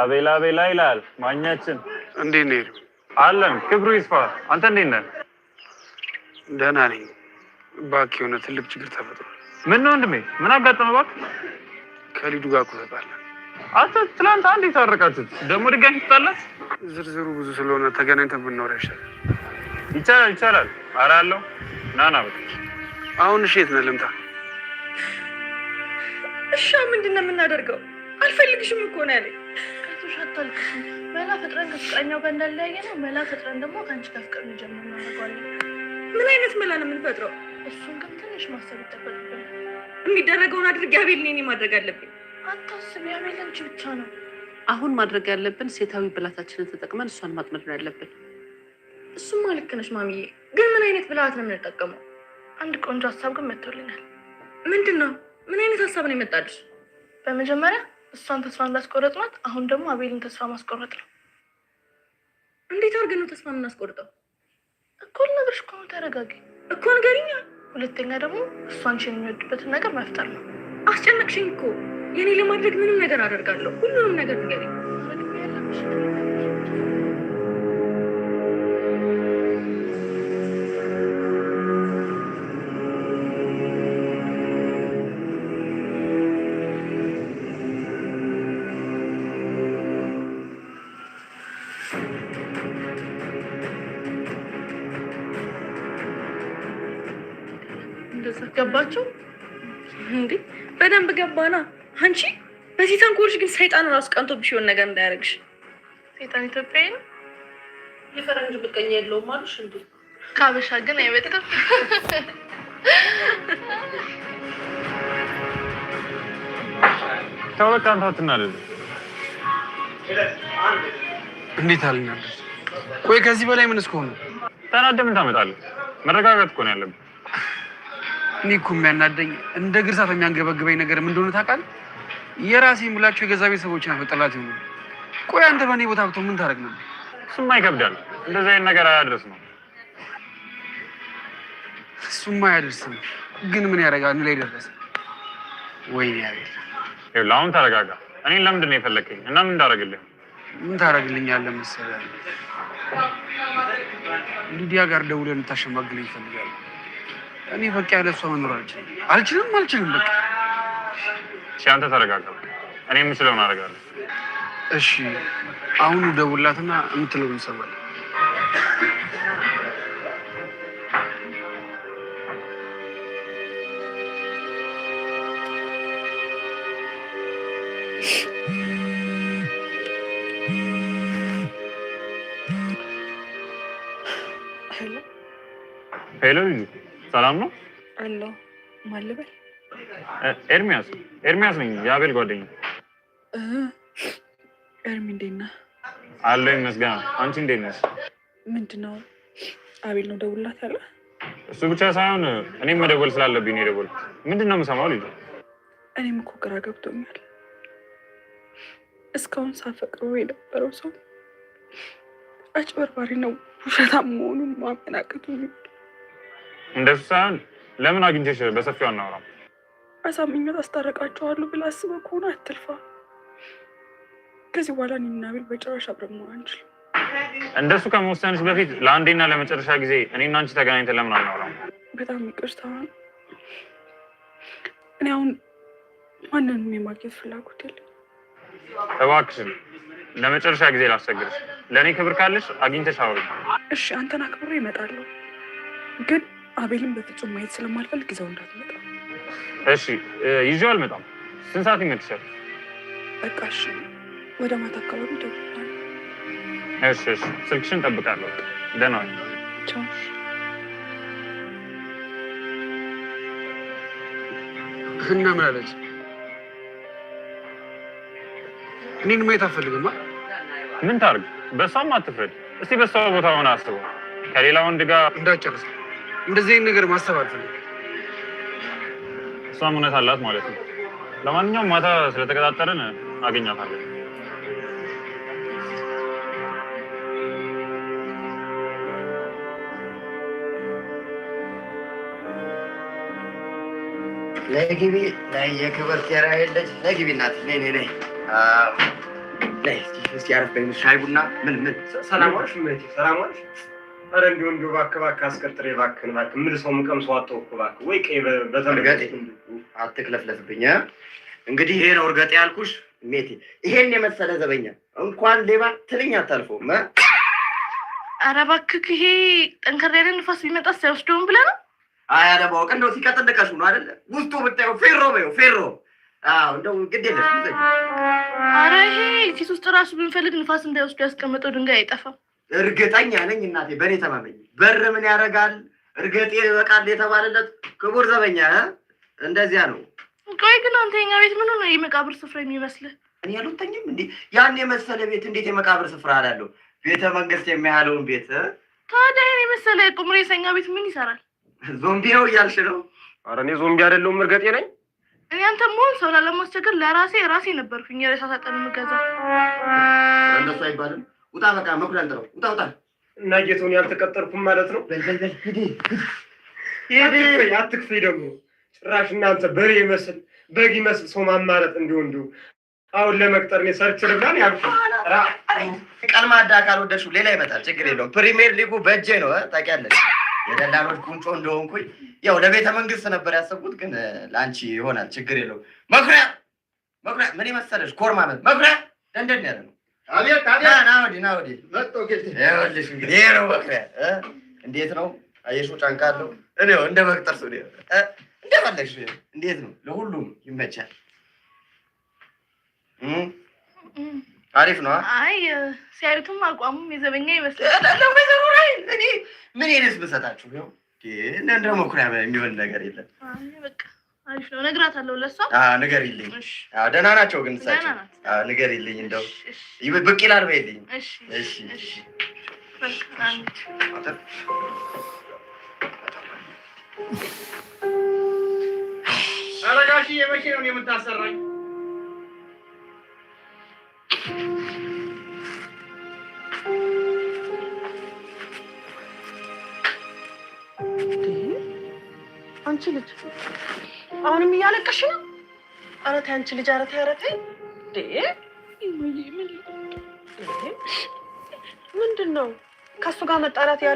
አቤላ አቤላ ይላል ማኛችን። እንዴት ነው አለን? ክብሩ ይስፋ። አንተ እንዴት ነህ? ደህና ነኝ። እባክህ የሆነ ትልቅ ችግር ተፈጥሯል። ምን ነው ወንድሜ? ምን አጋጠመ? እባክህ ከሊዱ ጋር እኮ አንተ ትናንት አንድ የታረቃችሁት ደግሞ ድጋሚ ትጣላት? ዝርዝሩ ብዙ ስለሆነ ተገናኝተን ብናወራ ይሻላል። ይቻላል ይቻላል። ኧረ አለው ናና በቃ አሁን እሺ፣ የት ነህ? ልምጣ። እሺ፣ ምንድን ነው የምናደርገው? አልፈልግሽም እኮ ነው ያለኝ መላ ፍቅረን ከፍቅረኛው ጋር እንዳለያየ ነው። መላ ፍቅረን ደግሞ ከአንቺ ከፍቅር እንጀምር እናደርገዋለን። ምን አይነት መላ ነው የምንፈጥረው? እሱን ግን ትንሽ ማሰብ ይጠበቅብን። የሚደረገውን አድርጌ አቤል እኔ ማድረግ አለብኝ። አታስብ ያቤል፣ አንቺ ብቻ ነው አሁን ማድረግ ያለብን። ሴታዊ ብላታችንን ተጠቅመን እሷን ማጥመድ ነው ያለብን። እሱማ ልክ ነሽ ማሚዬ፣ ግን ምን አይነት ብላት ነው የምንጠቀመው? አንድ ቆንጆ ሀሳብ ግን መጥቶልኛል። ምንድን ነው? ምን አይነት ሀሳብ ነው የመጣልሽ? በመጀመሪያ እሷን ተስፋ እንዳስቆረጥናት አሁን ደግሞ አቤልን ተስፋ ማስቆረጥ ነው። እንዴት አድርገን ነው ተስፋ የምናስቆርጠው? እኮ ልነግርሽ እኮ ነው። ተረጋጊ እኮ ንገሪኛ። ሁለተኛ ደግሞ እሷን ሽን የሚወድበትን ነገር መፍጠር ነው። አስጨነቅሽኝ እኮ የኔ ለማድረግ ምንም ነገር አደርጋለሁ። ሁሉንም ነገር ንገሪኝ። እንደዛ ገባቸው እንዴ? በደንብ ገባና አንቺ በዚህ ተንኮልሽ ግን ሰይጣን ራሱ ቀንቶብሽ የሆነ ነገር እንዳያደርግሽ። ሰይጣን ኢትዮጵያዊ ነው። የፈረንጅ ብቀኝ የለውም አሉሽ እንዴ? ካበሻ ግን አይበጥም። ተውለካ አንተ አትናደድ። እንዴት አልናደድ? ቆይ ከዚህ በላይ ምን እስከሆነ ተናደ ታመጣለህ? መረጋጋት እኮ ነው ያለብህ። እኔ እኮ የሚያናደኝ እንደ ግርሳት የሚያንገበግበኝ ነገር ምን እንደሆነ ታውቃለህ? የራሴ የምላቸው የገዛ ቤተሰቦች ናቸው ጠላት ይሆኑ። ቆይ አንተ በእኔ ቦታ ብቶ ምን ታደርግ ነበር? እሱማ ይከብዳል። እንደዚህ አይነት ነገር አያደርስ ነው። እሱማ አያደርስም፣ ግን ምን ያደርጋል? እኔ ላይ ደረሰ ወይ? ያቤት አሁን ተረጋጋ። እኔን ለምንድን ነው የፈለከኝ እና ምን እንዳደርግልህ? ምን ታደርግልኛለህ መሰለህ? ሊዲያ ጋር ደውለን ልታሸማግለኝ ይፈልጋል እኔ በቃ ያለ ሰው መኖር አልችልም አልችልም አልችልም። በቃ እሺ፣ አንተ ተረጋጋ። እኔ የምችለውን አደርጋለሁ። እሺ፣ አሁኑ ደውላትና የምትለውን እንሰማለን። ሄሎ ሰላም ነው አለው። ማን ልበል? ኤርሚያስ ኤርሚያስ ነኝ፣ የአቤል ጓደኛ። ኤርሚ እንዴት ነህ? አለሁ ይመስገን። አንቺ እንዴት ነሽ? ምንድን ነው አቤል ነው ደውላት ያለ? እሱ ብቻ ሳይሆን እኔም መደወል ስላለብኝ ነው የደወልኩት። ምንድን ነው የምሰማው ልጅ? እኔም እኮ ግራ ገብቶኛል። እስካሁን ሳፈቅረው የነበረው ሰው አጭበርባሪ ነው ውሸታም መሆኑን ማመናቀቱ እንደሱ ሳይሆን ለምን አግኝቼሽ በሰፊው አናወራም? አሳምኛት አስታረቃቸዋለሁ ብላ አስበ ከሆነ አትልፋ። ከዚህ በኋላ እኔና ቤል በጭራሽ አብረን መሆን አንችልም። እንደሱ ከመወሰንሽ በፊት ለአንዴና ለመጨረሻ ጊዜ እኔና አንቺ ተገናኝተን ለምን አናወራም? በጣም ይቅርታ። እኔ አሁን ማንንም የማግኘት ፍላጎት የለኝም። እባክሽን ለመጨረሻ ጊዜ ላስቸግርሽ። ለእኔ ክብር ካለሽ አግኝተሽ እሺ፣ አንተን አክብሬ እመጣለሁ ግን አቤልም በፍጹም ማየት ስለማልፈልግ ይዘው እንዳትመጣ። እሺ፣ ይዤው አልመጣም። ስንት ሰዓት ይመልሳል? በቃ እሺ፣ ወደ ማታ አካባቢ ይደውላል። እሺ፣ እሺ፣ ስልክሽን ጠብቃለሁ። ደህና ዋል። ቻው። እና ምን አለች? እኔን ማየት አትፈልግም? ምን ታርግ፣ በሷም አትፍረድ። እስቲ በሷ ቦታ ሆነ አስበው። ከሌላ ወንድ ጋር እንዳጨርሰው እንደዚህ ነገር ማሰብ አልፈልግም። እሷም እውነት አላት ማለት ነው። ለማንኛውም ማታ ስለተቀጣጠርን አገኛታለን። ለግቢ ላይ የክብር ሴራ የለች ለግቢ እናት ነይ ነይ ነይ ነይ እስኪ አረፍ በይ ሻይ ቡና ምን ምን ሰላም ዋልሽ ሰላም ዋልሽ ኧረ እንደው እንደው እባክህ እባክህ አስቀጥሬ እባክህን እባክህ የምልሰው የምቀምሰው አጣሁ እኮ እባክህ ወይ ቀይ በተረገጤ አትክለፍለፍብኝ። እንግዲህ ይሄ ነው እርገጤ ያልኩሽ ሜቴ። ይሄን የመሰለ ዘበኛ እንኳን ሌባ ትልኝ አታልፈውም። ኧረ እባክህ ይሄ ጠንከር ያለ ንፋስ ቢመጣ ሳይወስደውም ብለህ ነው? አይ አለማወቅ እንደው ሲቀጥል ልቀሱ ነው አይደለ? ውስጡ ብታየው ፌሮ በይው ፌሮ። አዎ እንደው ግድ የለሽ። ኧረ ይሄ ፊት ውስጥ ራሱ ብንፈልግ ንፋስ እንዳይወስዱ ያስቀመጠው ድንጋይ አይጠፋም። እርግጠኛ ነኝ እናቴ፣ በእኔ ተማመኝ። በር ምን ያደርጋል? እርግጤ ይበቃል የተባለለት ክቡር ዘበኛ እንደዚያ ነው። ቆይ ግን አንተ የኛ ቤት ምን ነው የመቃብር ስፍራ የሚመስልህ? እኔ አልወጣኝም እንዴ? ያን የመሰለ ቤት እንዴት የመቃብር ስፍራ አላለሁ? ቤተ መንግስት የሚያለውን ቤት ታዲያ ይህን የመሰለ ቁም የሰኛ ቤት ምን ይሰራል? ዞምቢ ነው እያልሽ ነው? አረ እኔ ዞምቢ አይደለሁም፣ እርገጤ ነኝ። እኔ አንተ መሆን ሰው ላለማስቸገር ለራሴ ራሴ ነበርኩኝ የሬሳ ሳጥን የምገዛው። እንደሱ አይባልም ውጣ፣ በቃ መኩሪያ አንተ ውጣ ውጣ። እና ጌቶን ያልተቀጠርኩም ማለት ነው። በል በል በል፣ ሂድ ሂድ፣ አትክፈይ። ደግሞ ጭራሽ እናንተ በሬ ይመስል በግ ይመስል ሰው ማማረጥ እንዲሁ እንዲሁ አሁን ለመቅጠር ነው ሰርች ልብላን ያልኩ ቀልማ ቀልማዳ ካልወደድሽው ሌላ ይመጣል። ችግር የለውም። ፕሪሚየር ሊጉ በእጄ ነው ታውቂያለሽ። የደላሎች ቁንጮ እንደሆንኩኝ ያው ለቤተ መንግስት ነበር ያሰብኩት፣ ግን ለአንቺ ይሆናል። ችግር የለውም። መኩሪያ መኩሪያ ምን መሰለሽ ኮርማ መኩሪያ ደንደን ያለ ነው እንዴት ነው አየሹ? ጫንቃ አለው እንደ መቅጠር ሰው እንደፈለግሽ። እንዴት ነው ለሁሉም ይመቻል። አሪፍ ነው። አይ ሲያሪቱም አቋሙም የዘበኛ ይመስላል። ለወይዘሮ እኔ ምን ይነስ ብሰጣችሁ፣ ይኸው እንደ መኩሪያ የሚሆን ነገር የለም። አሪፍ ነው። እነግራታለሁ ለእሷ ንገሪልኝ። ደህና ናቸው ግን እሳቸው ንገሪልኝ። እንደው ብቅ ይላል በይልኝ። ኧረ ጋሽዬ መቼ ነው የምታሰራኝ? አንቺ ልጅ አሁንም እያለቀሽ ነው? ኧረ ተይ አንቺ ልጅ፣ ኧረ ተይ፣ ኧረ ተይ። ምንድን ነው ከእሱ ጋር መጣላት ያለ